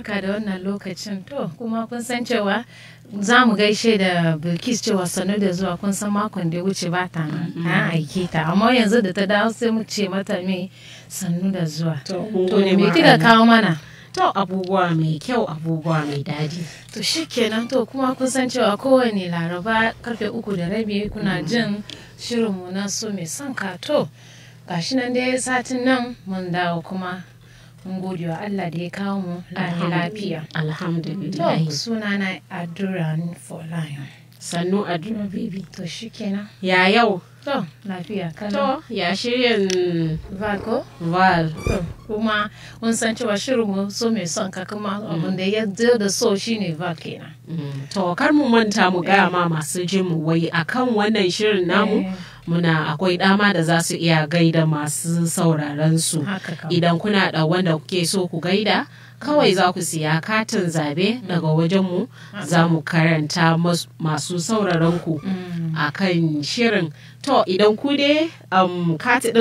barka da wannan lokacin to kuma kun san cewa za mu gaishe da bilkis cewa sannu da zuwa kun san makon da ya wuce ba ta na mm-hmm. aiki ta amma yanzu da ta dawo sai mu ce mata mai sannu da zuwa to mai kika kawo mana to abubuwa mai kyau abubuwa mai daɗi to kenan to kuma kun san cewa kowane laraba karfe uku da rabi kuna mm-hmm. jin shirinmu na so mai son ka to gashi nan dai satin nan mun dawo kuma mun gode wa Allah da ya kawo mu lafiya alhamdulillah suna na for Lion. sannu Adura baby to shi kenan. ya yau to lafiya kala to ya shirin val ko val kuma mun san cewa shirin mu so mai son ka kuma abin da ya zo da so shine val kenan mm. to kar mu manta mu gaya ma masu jin mu wai akan wannan shirin namu Eh. muna akwai dama da za su iya gaida masu sauraron idan kuna da wanda kuke so ku gaida kawai za ku siya katin zabe daga wajenmu za mu karanta masu sauraronku mm. a kan shirin to idan ku dai um,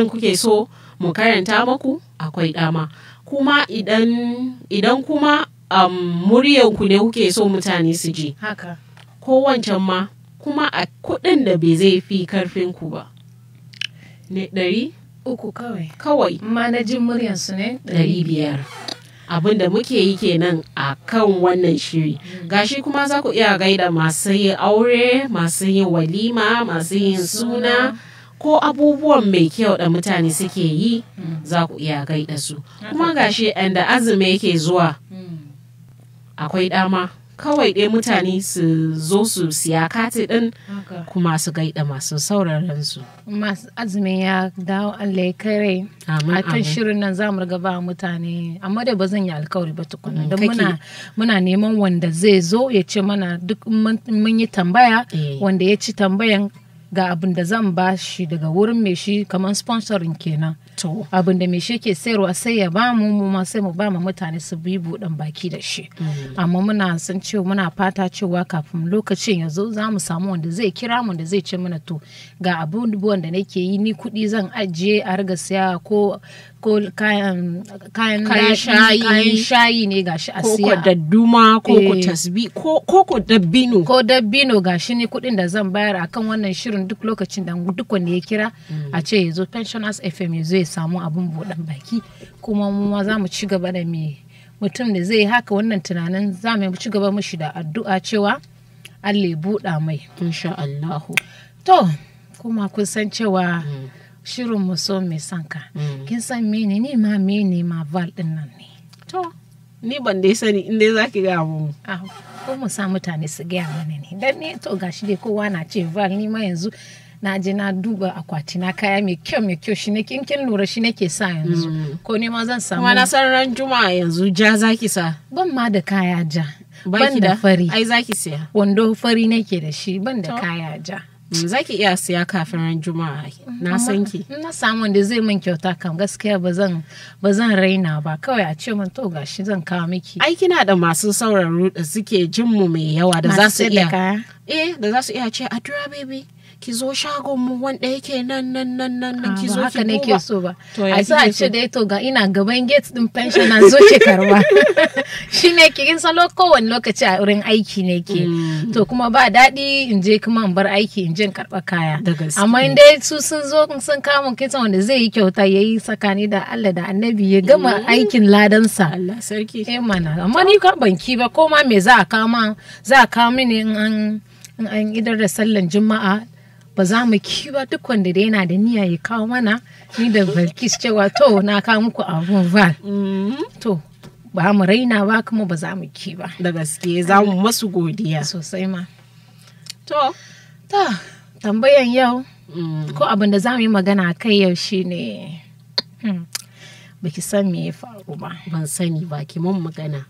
kuke so mu karanta maku akwai dama kuma idan kuma um, muryanku ne kuke so mutane su ji kowancan ma kuma a kuɗin da bai zai fi karfin ku ba ne ɗari uku kawai kawai manajin muryan su ne ɗari biyar abin da muke yi kenan a kan wannan shiri mm. gashi kuma za ku iya gaida masu yin aure masu yin walima masu yin suna ko abubuwan mai kyau da mutane suke yi mm. za ku iya gaida su kuma gashi da azumi yake zuwa mm. akwai dama kawai dai mutane su zo su siya kati ɗin kuma su gaida masu sauraron su masu azumin ya dawo Allah ya kare a kan shirin nan za mu riga ba mutane amma da ba zan yi alkawari ba tukuna mm, don muna muna neman wanda zai zo ya ce mana duk mun yi tambaya eh. wanda ya ci tambayan ga abin da zan ba shi daga wurin mai shi kamar sponsorin kenan to abin da mai shi ke sayarwa sai ya bamu mu ma sai mu ba mu mutane su bi buɗan baki da shi mm. amma muna san cewa muna fata cewa kafin lokacin ya zo za mu samu wanda zai kira mu da zai ce mana to ga abubuwan da nake yi ni kuɗi zan ajiye a riga siya ko ko kayan shayi ne gashi a siya ko dadduma ko ko eh. tasbi ko ko dabbino ko dabbino gashi ne kudin da zan bayar akan wannan shirin duk lokacin da duk wanda ya kira mm. a ce ya zo pensioners fm ya ya samu abun buɗan baki kuma mu ma za mu ci gaba da me mutum da zai haka wannan tunanin za mu ci gaba mushi da addu'a cewa Allah ya buɗa mai insha Allah to kuma kun san cewa mm. shirin muso mai sanka mm. kin san mene ne ma mene ma val din nan ne to ni ban dai sani in dai zaki ga mu ah, ko mu sa mutane su gaya mana ne dan ne to gashi dai kowa na ce val ni ma yanzu na je na duba akwati na kaya mai kyau mai kyau shi ne kin lura shi nake sa yanzu mm. ko ne ma zan samu na san ran juma'a yanzu ja zaki sa ban ma da kaya ja ban da fari ai zaki siya wando fari nake da shi ban da kaya ja Mm, za ki iya siya kafin ran juma'a na mm, san ki na samu wanda zai min kyauta kam gaskiya ba zan ba zan raina ba kawai a ce min to gashi zan kawo miki ai kina da masu sauraro da suke jin mu mai yawa da za su iya eh da za su iya ce adura baby ki zo shagon mu wanda yake nan nan nan nan nan ah, ki zo haka ne ke so ba a sa a ce dai to ga ina gaban gate din pension na zo ki karba shine ki in salo kowanne lokaci a wurin aiki ne ke mm. to kuma ba daɗi in je kuma in bar aiki in je in karba kaya amma in dai su sun zo sun kama kitan wanda zai yi kyauta yayi tsakani da Allah da Annabi ya gama mm. aikin ladansa Allah sarki eh mana amma ni ka banki ba ko ma me za a kama za a kawo mini in an in an idar da sallan juma'a ba za mu kiwa duk wanda da yana da niyya ya kawo mana ni da balkis cewa to na kawo muku abun val mm-hmm. to ba mu raina ba kuma ba za mu ki ba da gaske za mu masu godiya sosai ma to ta tambayan yau mm. ko abin da za mu yi magana kai yau shine hmm, baki san me ya faru ba ban sani ba ki mun magana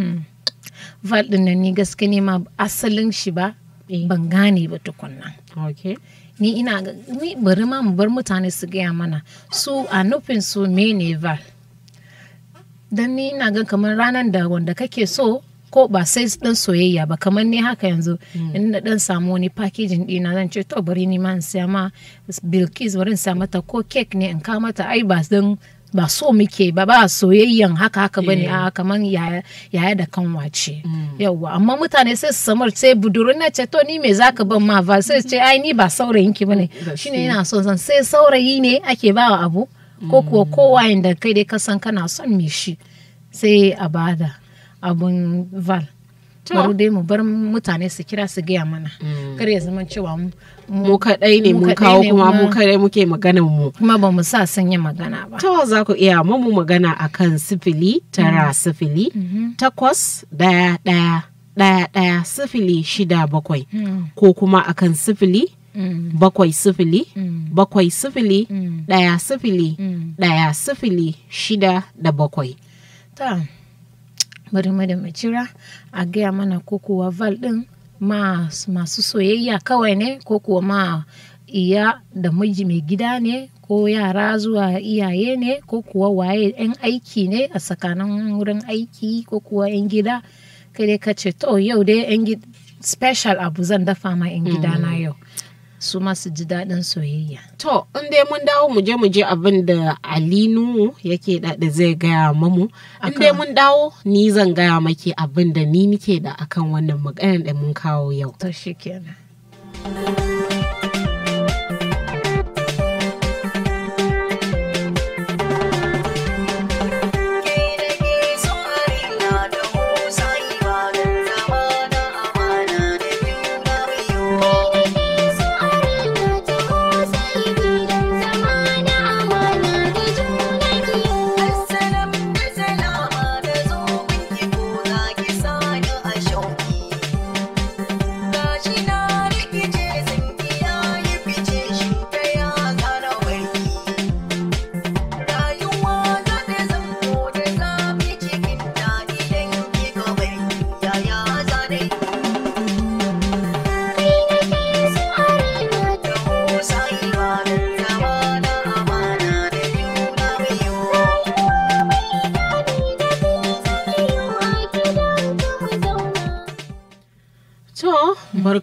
hmm. val ɗin nan ni gaske ne ma asalin shi ba eh. ban gane ba tukunna ni ina ni bari ma mu bar mutane su gaya mana su a nufin su mene val dan ni ina ga kamar ranar da wanda kake so ko ba sai dan soyayya ba kamar ni haka yanzu hmm. in na dan samu wani packaging dina zan ce to bari ni ma in siya ma bilkis bari in siya mata ko cake ne in kawo mata ai ba dan ba so muke ba ba soyayyan haka haka ba eh. a kamar yaya da kan wace mm. yawwa amma mutane sai su samar sai buduru na ce to ni me zaka ban ma ba sai ce ai ni ba saurayin ki bane mm, shine yana so san sai saurayi ne ake bawa abu ko kuwa mm. kowa inda kai dai ka san kana son me shi sai a bada abun val bari dai mu bar mutane su kira su gaya mana mm. kar ya zama cewa mu kadai ne mun kawo kuma mu kadai muke magana mu kuma ba mu sa san yi magana ba to za ku iya mu magana akan sifili tara mm. sifili mm-hmm. takwas daya daya daya daya sifili shida bakwai mm. ko kuma akan sifili bakwai sifili bakwai sifili daya sifili daya sifili shida da bakwai bari da mu a gaya mana ko kuwa val ɗin masu soyayya kawai ne ko kuwa ma iya da miji mai gida ne ko yara zuwa iyaye ne ko kuwa waye 'yan aiki ne a tsakanin wurin aiki ko kuwa 'yan gida kai dai ka ce to yau dai 'yan special abu zan dafa ma 'yan gida na mm. yau su masu ji daɗin soyayya. To, in dai mun dawo mu je mu je abin da Alinu yake da zai gaya mamu. In dai mun dawo ni zan gaya maki abin da ni nike da akan wannan maganar da mun kawo yau. To kenan.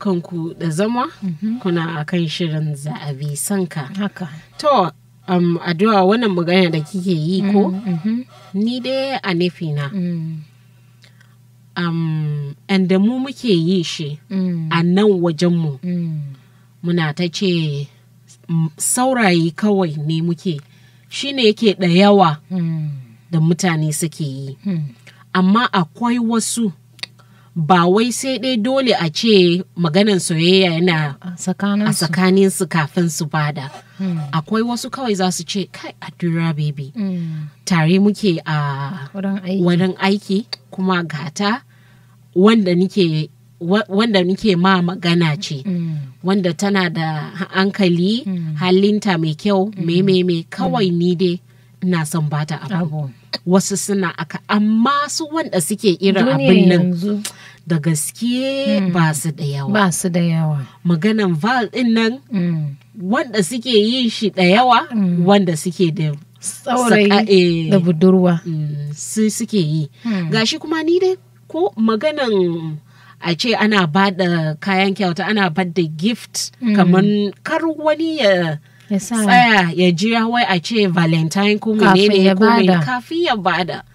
Kanku da zama mhm. kuna akan shirin za'abi sanka haka to um, addu'a wannan magana da kike yi ko mm, mhm. ni dai a nufina mm. um, da mu muke yi shi mm. a nan wajenmu mm. muna ta ce saurayi kawai ne muke shi ne yake da yawa mm. da mutane suke yi hmm. amma akwai wasu ba wai sai dai dole a ce maganan soyayya yana a tsakanin su kafin su bada hmm. akwai wasu kawai za su ce kai adura baby hmm. tare muke a wurin aiki kuma gata wanda nike wanda nike ma magana ce hmm. wanda tana da hankali halinta mai kyau mai kawai ni dai ina son bata abu wasu suna aka amma su wanda suke irin abin nan da gaske mm. ba su da yawa ba su da yawa maganan val din nan mm. wanda suke yi shi da yawa mm. wanda suke da saurayi eh, da budurwa su suke yi gashi kuma ni dai ko maganan a ce ana ba da kayan kyauta ana ba da gift kamar kar wani ya tsaya ya jiya wai a ce valentine ko menene kafin ya bada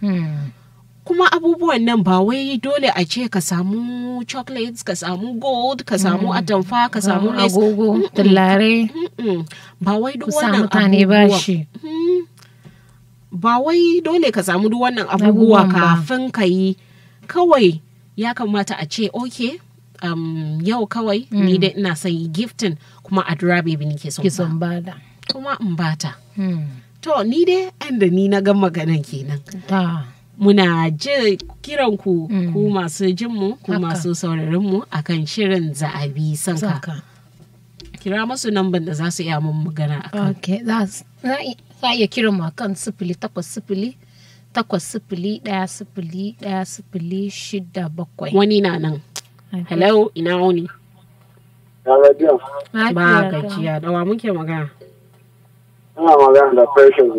kuma abubuwan nan ba wai dole a ce ka samu chocolates ka samu gold ka samu mm. atamfa ka samu ah, agogo tullare ba wai duk wannan mutane ba shi mm. ba wai dole ka samu duk wannan abubuwa kafin ka yi kawai ya kamata a ce okay um, yau kawai mm. ni dai ina son yi giftin kuma a dura baby nake son bada kuma in bata mm. to ni dai da ni na gan maganan kenan muna ji kiranku mm. ku masu jinmu ku masu sauraronmu a kan shirin za'abi sanka kira masu namban da za su iya mun magana a kan ok za iya kiran mu a kan sifili takwas sifili takwas sifili ɗaya sifili ɗaya sifili shida bakwai wani na nan hello ina wuni ba gajiya da dawa muke magana ina magana da precious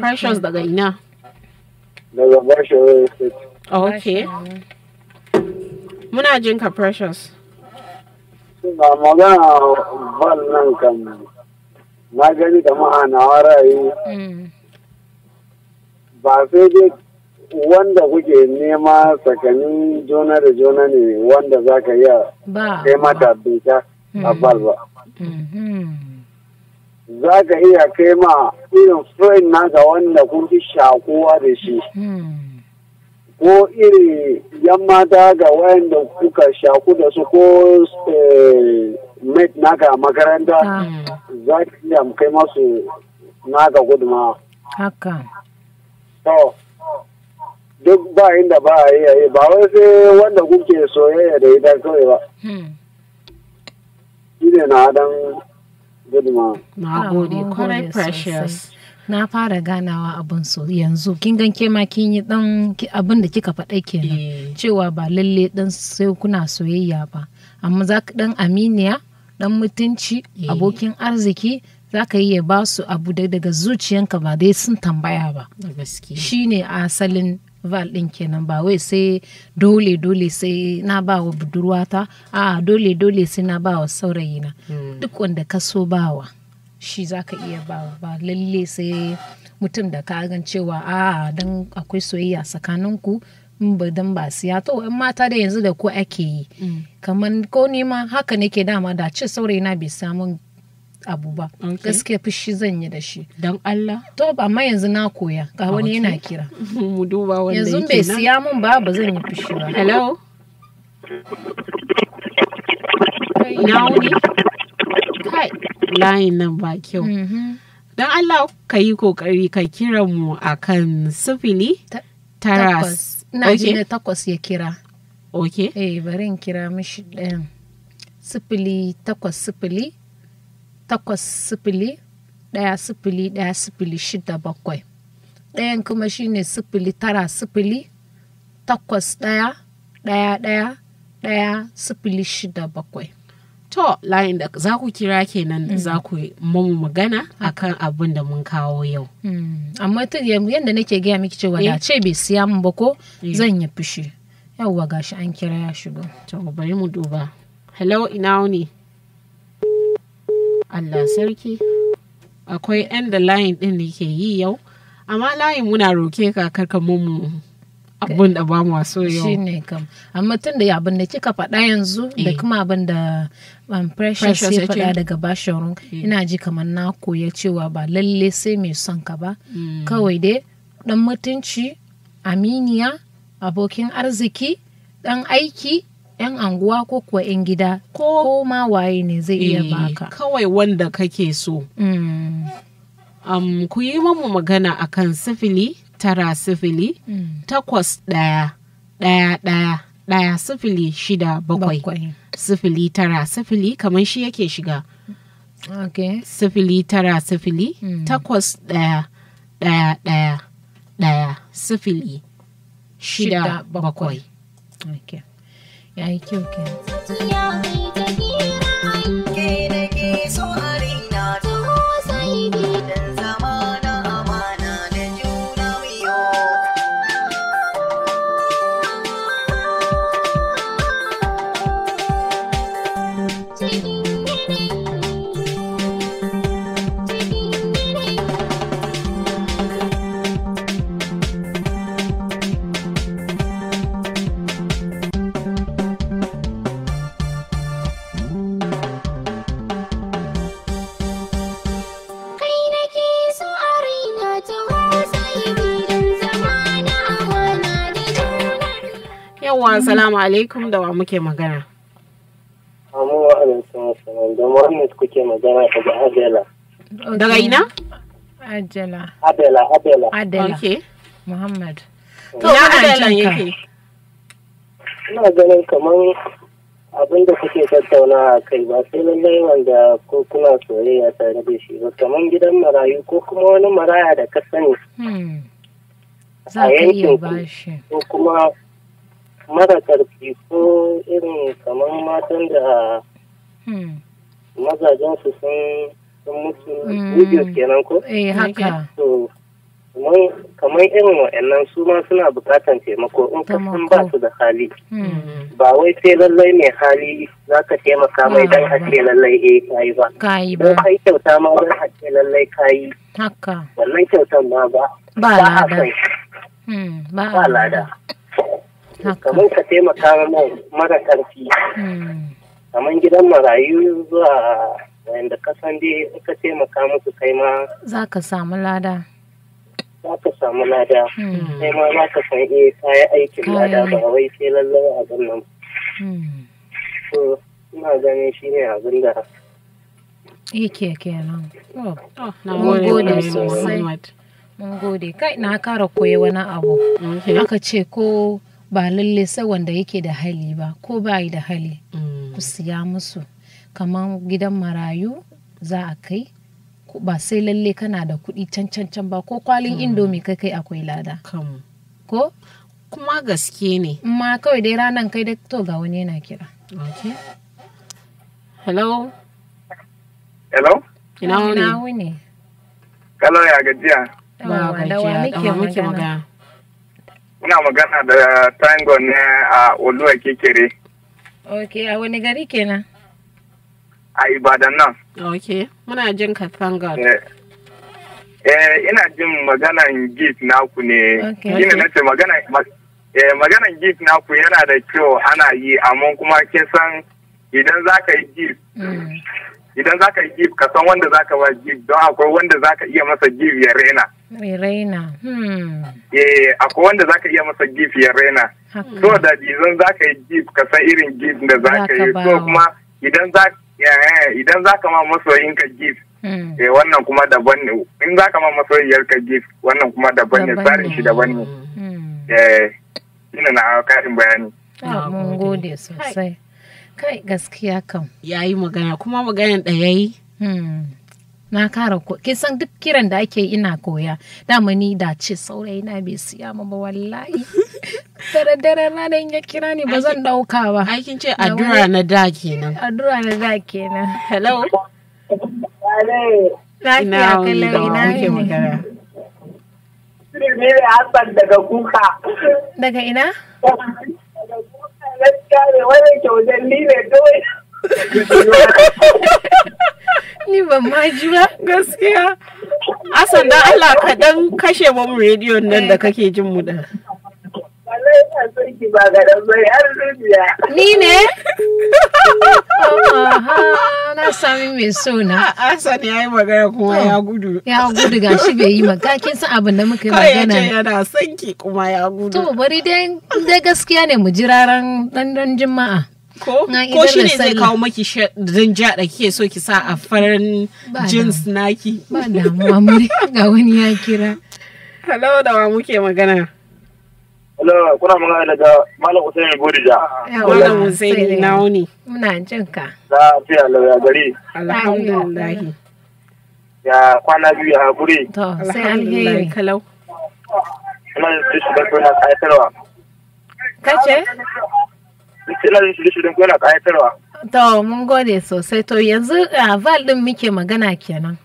precious daga ina daga Bashawa State. Ok. Muna jin ka precious. ba magana ban nan kan na gani da ma'anawa ra'ayi. Mm. Ba sai dai wanda kuke nema tsakanin juna da juna ne wanda za ka iya kai mata doka a mm-hmm. bal ba. Mm-hmm. za ka iya kai ma irin friend naka wanda kun fi shakuwa da shi ko iri yan mata ga wayanda kuka shaku da su ko eh, mate naka a makaranta ah. za ka iya kai masu naka guduma. haka to duk ba inda ba a yi ba wai sai wanda kuke soyayya da ita kawai ba hmm. Ine na dan Na ah, gode, kwarai precious. Na fara ganawa abin so yanzu kin gan ke ma kin yi dan abin da kika faɗa kenan eh. cewa ba lalle dan sai kuna soyayya ba amma za ka dan aminiya dan mutunci eh. abokin arziki za ka iya ba su abu daga zuciyanka ba dai sun tambaya ba. Shi ne asalin val ɗin kenan ba wai sai dole dole sai na ba wa budurwata a dole dole sai na ba wa saurayina hmm. duk wanda ka so bawa shi zaka ka iya bawa ba lalle sai mutum da ka gan cewa a dan akwai soyayya tsakaninku in ba dan ba siya to in mata da yanzu da ko ake yi hmm. kamar ko nima haka nake dama da ce saurayina bai samu abu ba gaskiya fushi zan yi da shi don Allah to amma yanzu na koya ga ah, wani yana kira mu duba wanda yanzu bai siya mun ba ba zan yi fushi ba hello na wuni kai layin nan ba kyau mm-hmm. don Allah ka yi kokari ka kira mu akan sifili taras na ji da takwas ya kira ok eh bari in kira mishi ɗayan sifili takwas sifili takwas sifili ɗaya sifili ɗaya sifili shida bakwai ɗayan kuma shine sifili tara sifili takwas ɗaya ɗaya ɗaya ɗaya sifili shida bakwai to layin da za ku kira kenan mm. za ku mamu magana akan abin da mun kawo yau mm. amma yadda nake gaya miki cewa da eh. ce bai siya min ba ko eh. zan yi fushi yauwa gashi an kira ya shigo to bari mu duba hello ina wuni Allah sarki akwai ɗan da layin ɗin da ke yi yau amma layin muna roke ka karka mu abin da ba mu so yau ne kam amma tun da abin da kika faɗa yanzu da eh. kuma abin da um, precious ya faɗa daga bashirun eh. ina ji kamar na koya cewa ba lalle sai mai son ka ba hmm. kawai dai ɗan mutunci aminiya abokin arziki ɗan aiki 'yan anguwa ko kuwa 'yan gida ko ma waye ne zai iya eh, baka kawai wanda kake so mm. ku yi mamu magana akan sifili tara sifili mm. takwas ɗaya ɗaya ɗaya daya sifili shida bakwai sifili tara sifili kamar shi yake shiga okay. sifili tara sifili mm. takwas ɗaya ɗaya ɗaya daya sifili shida, shida bakwai okay. Ya yi kyau Yawwa, salamu alaikum da wa muke magana. Amu wa alaikum salam, da Muhammad kuke magana daga Adela. Daga ina? Adela. Adela, Adela. Adela. Ok. Muhammad. To, ya Adela yake. Ina ganin kamar abin da kuke tattauna a kai ba sai lallai wanda ko kuna soyayya tare da shi ba kamar gidan marayu ko kuma wani maraya da ka sani. Hmm. Za ka iya bashi. Ko kuma mara karfi ko irin kamar matan da hmm. mazajen su sun mutu hmm. video kenan ko? Eh haka. To kamar irin wa'annan su ma suna bukatan taimako in ka san ba su da hali. Hmm. Ba wai sai lallai mai hali za ka taimaka mai dan hake lallai eh kayi ba. Kayi ba. Don kai kyauta ma wani hake lallai kayi. Haka. Wannan kyautan ma ba. Ba lada. Ba lada. kamar ka taimaka mara karfi hmm. kamar gidan marayu zuwa wanda kasan dai in ka taimaka musu kai ma za ka samu lada za ka samu lada sai hmm. ma za ka san eh kaya aikin lada ba wai sai lallai a gannan hmm. so ina ganin shi ne abin da yake kenan oh, oh, mun gode sosai mun gode kai na kara koyi wani abu aka ce ko ba lalle sai wanda yake da hali ba ko ba yi da hali mm. ku siya musu kamar gidan marayu za a kai ba sai lalle kana da kuɗi can can can ba ko kwalin mm. indomi kai kai akwai lada ko kuma gaske ne ma kawai dai ranan kai da to ga wani yana kira hello hello ina wuni ne kalau ya gajiya ba gajiya muke magana Kuna magana da Tango ne a Oluwa Kekere. Ok, a wani gari kenan? A Ibadan nan. Ok, muna jin ka Tango. Eh, eh ina jin maganan git naku ne. Okay, Gina okay. ce magana eh, maganan git naku yana da kyau ana yi amma kuma kin san idan za ka yi git mm. idan za ka yi gif ka san wanda za ka ba gif don akwai wanda za ka iya masa gif ya rena Mai raina. Hmm. Eh, akwai wanda za ka iya masa gif ya raina. So da izan za ka yi gif, ka san irin gif da za ka yi. So kuma idan za eh, idan za ka ma masoyin ka gif, hmm. eh wannan kuma daban ne. In za ka ma masoyiyar ka gif, wannan kuma daban ne, tsarin shi daban ne. Hmm. Eh, ina na karin bayani. Ah, mun gode sosai. Kai gaskiya kam. Yayi magana, kuma da ɗaya yi. na kara ko kin san duk kiran da ake ina koya dama ni da ce saurayi na bai siya ma ba wallahi dare dare ranar ya kira ni ba zan dauka ba ai kin ce addu'a na da kenan addu'a na da kenan hello ina kake magana ne Hassan daga kuka daga ina kuka ne wani kyau ne dole ni ban ma ji ba gaskiya asan dan Allah ka dan kashe mu rediyon nan da kake jin mu da Ni ne? Na sami mai sona. Asan ya yi magana kuma oh, ya gudu. Ya gudu ga shi bai yi magana. Kin san abin da muka yi magana. Kai yana sanki kuma ya gudu. To bari dai gaskiya ne mu ji raran ɗan jima'a. ko ko shi ne zai kawo maki rinja da kike so ki sa a farin jeans naki ba damuwa mure ga wani ya kira hello da wa muke magana hello kuna magana daga malam Usaini Bodija malam Usaini na wuni muna jin ka Za lafiya lafiya gari alhamdulillah ya kwana biyu ya hakuri to sai alheri kalau ina da shi da kuma aitarwa kace ina yin shirye-shiryen ko yana ƙayatarwa. To mun gode sosai to yanzu a Val din muke magana kenan.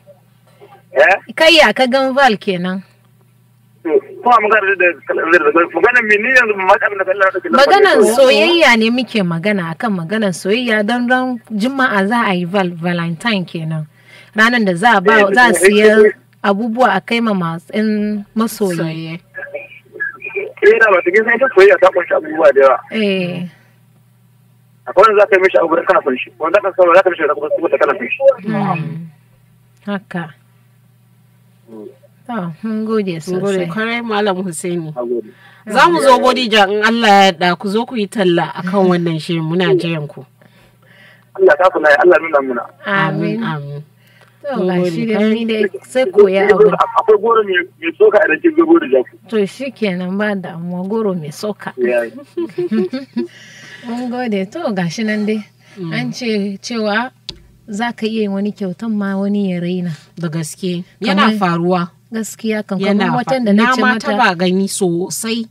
Eh? Kai ya ka gan Val kenan. Kuma maganar soyayya ne muke magana akan maganar soyayya don ran Juma'a za a yi Val Valentine kenan. Ranar da za a ba eh, siya eh, eh, abubuwa a kai ma masu masoyi. Eh na ba ta gisa ita soyayya ta kunshi abubuwa da yawa. akwai wanda za ka yi mishi abu da kana son shi wanda ka saurara za ka mishi da kuma da kana son shi hmm. haka mun gode sosai kwarai malam Hussaini. za mu zo Bodija in Allah ya da ku zo ku yi talla akan wannan shirin muna jiran ku Allah ta kula Allah nuna muna amin amin To ga shi da ni da sai koya abu. Akwai goro mai soka a rikin godi da jaku. To shi kenan ba damuwa goro mai soka. mun gode to gashi nan dai mm. an ce cewa za ka iya yin wani kyautan ma wani ya raina da gaske yana faruwa gaskiya kan kuma watan da na ce mata ba gani sosai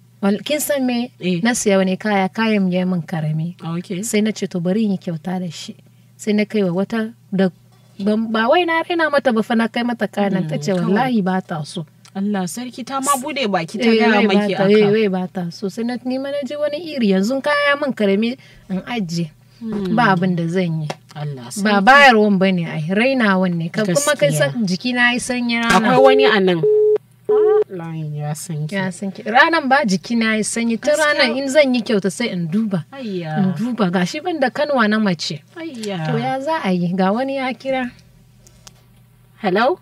kin san me eh. na siya wani kaya kayan ya min karami sai na ce to bari yi kyauta da shi sai na kai wa wata da ba wai na raina mata ba fa na kai mata kayan mm, ta ce wallahi ba ta so Allah sarki ta ma bude baki ta eh, gaya maki aka. Eh, wai wai ba ta so sai na ni na je wani iri yanzu kaya min karami in ajiye. Hmm. Ba abin da zan yi. Ba bayarwan ba ne ai rainawan ne ka kuma kai jiki na yi sanyi rana. Akwai wani a nan. Layin ya sanki. Ya sanki. Ranan ba jiki na yi sanyi ta ranan in zan yi kyauta sai in duba. In duba gashi ban da kanwa na mace. To ya za a yi ga wani ya kira. Hello?